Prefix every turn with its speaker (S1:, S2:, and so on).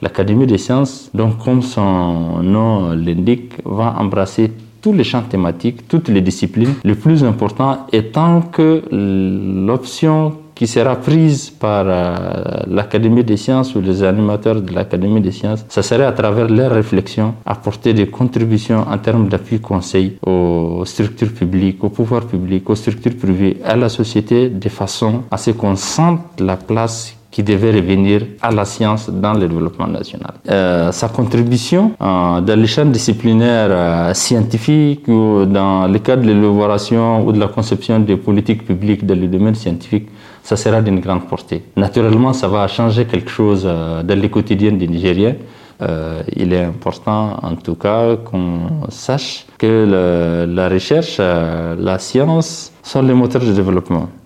S1: L'Académie des sciences, donc comme son nom l'indique, va embrasser tous les champs thématiques, toutes les disciplines. Le plus important étant que l'option qui sera prise par euh, l'Académie des sciences ou les animateurs de l'Académie des sciences, ça serait à travers leurs réflexions apporter des contributions en termes d'appui-conseil aux structures publiques, aux pouvoirs publics, aux structures privées, à la société, de façon à ce qu'on sente la place qui devait revenir à la science dans le développement national. Euh, sa contribution euh, dans les champs disciplinaires euh, scientifiques ou dans le cadre de l'élaboration ou de la conception des politiques publiques dans le domaine scientifique, ça sera d'une grande portée. Naturellement, ça va changer quelque chose dans le quotidien des Nigériens. il est important en tout cas qu'on sache que la recherche, la science sont les moteurs de développement.